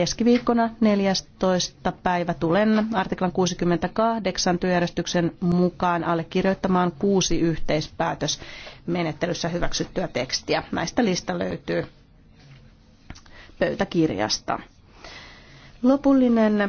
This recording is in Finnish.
keskiviikkona 14. päivä tulen artiklan 68 työjärjestyksen mukaan allekirjoittamaan kuusi yhteispäätös menettelyssä hyväksyttyä tekstiä. Näistä lista löytyy pöytäkirjasta. Lopullinen